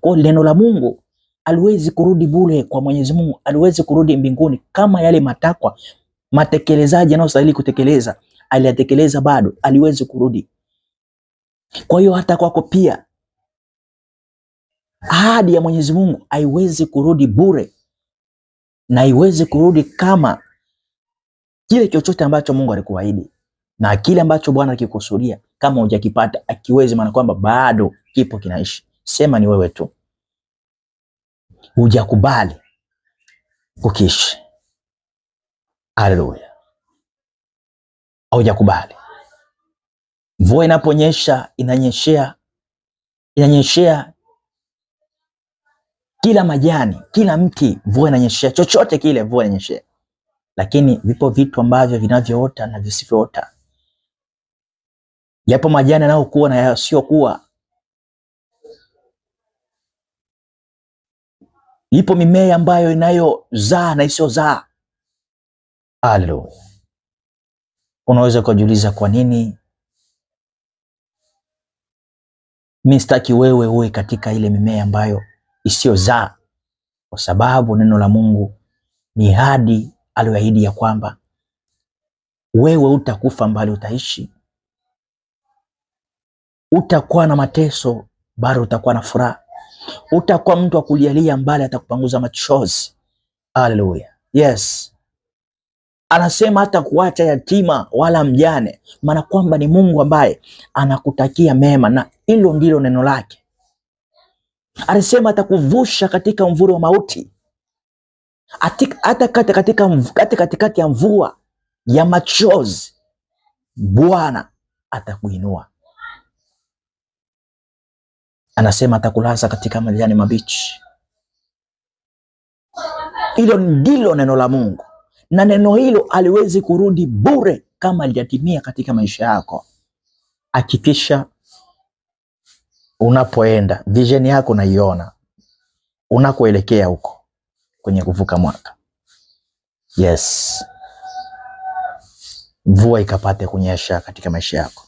Kwa neno la Mungu aliwezi kurudi bure kwa Mwenyezi Mungu, aliwezi kurudi mbinguni kama yale matakwa matekelezaji anayostahili kutekeleza aliyatekeleza, bado aliwezi kurudi. Kwa hiyo hata kwako pia ahadi ya Mwenyezi Mungu haiwezi kurudi bure na haiwezi kurudi kama kile chochote ambacho Mungu alikuahidi na kile ambacho Bwana akikusudia, kama hujakipata akiwezi, maana kwamba bado kipo kinaishi sema ni wewe tu, hujakubali kukishi. Haleluya, haujakubali. Mvua inaponyesha inanyeshea, inanyeshea kila majani, kila mti, mvua inanyeshea, chochote kile, mvua inanyeshea. Lakini vipo vitu ambavyo vinavyoota na visivyoota, yapo majani yanayokuwa na yasiyokuwa Ipo mimea ambayo inayozaa na isiyozaa. Alo, Unaweza ukajiuliza kwa nini mi sitaki wewe uwe katika ile mimea ambayo isiyozaa? Kwa sababu neno la Mungu ni hadi aliyoahidi ya kwamba wewe utakufa mbali utaishi, utakuwa na mateso bado utakuwa na furaha utakuwa mtu wa kulialia mbali, atakupanguza machozi. Haleluya, yes. Anasema hata kuacha yatima wala mjane, maana kwamba ni Mungu ambaye anakutakia mema, na hilo ndilo neno lake. Alisema atakuvusha katika mvuri wa mauti, hata kati katikati ya mvua ya machozi Bwana atakuinua anasema atakulaza katika majani mabichi. Hilo ndilo neno la Mungu, na neno hilo aliwezi kurudi bure kama alijatimia katika maisha yako. akikisha unapoenda vision yako unaiona, unakoelekea huko kwenye kuvuka mwaka. Yes, mvua ikapate kunyesha katika maisha yako.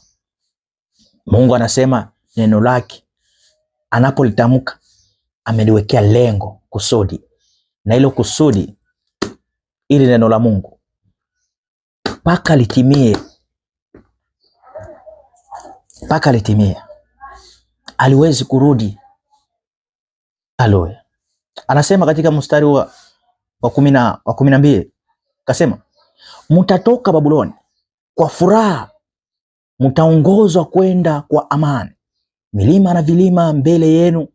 Mungu anasema neno lake anapolitamka ameliwekea lengo, kusudi, na hilo kusudi, ili neno la Mungu mpaka litimie, mpaka litimie, aliwezi kurudi. Haleluya! Anasema katika mstari wa wa kumi na wa kumi na mbili kasema, mtatoka Babuloni kwa furaha, mtaongozwa kwenda kwa amani milima na vilima mbele yenu,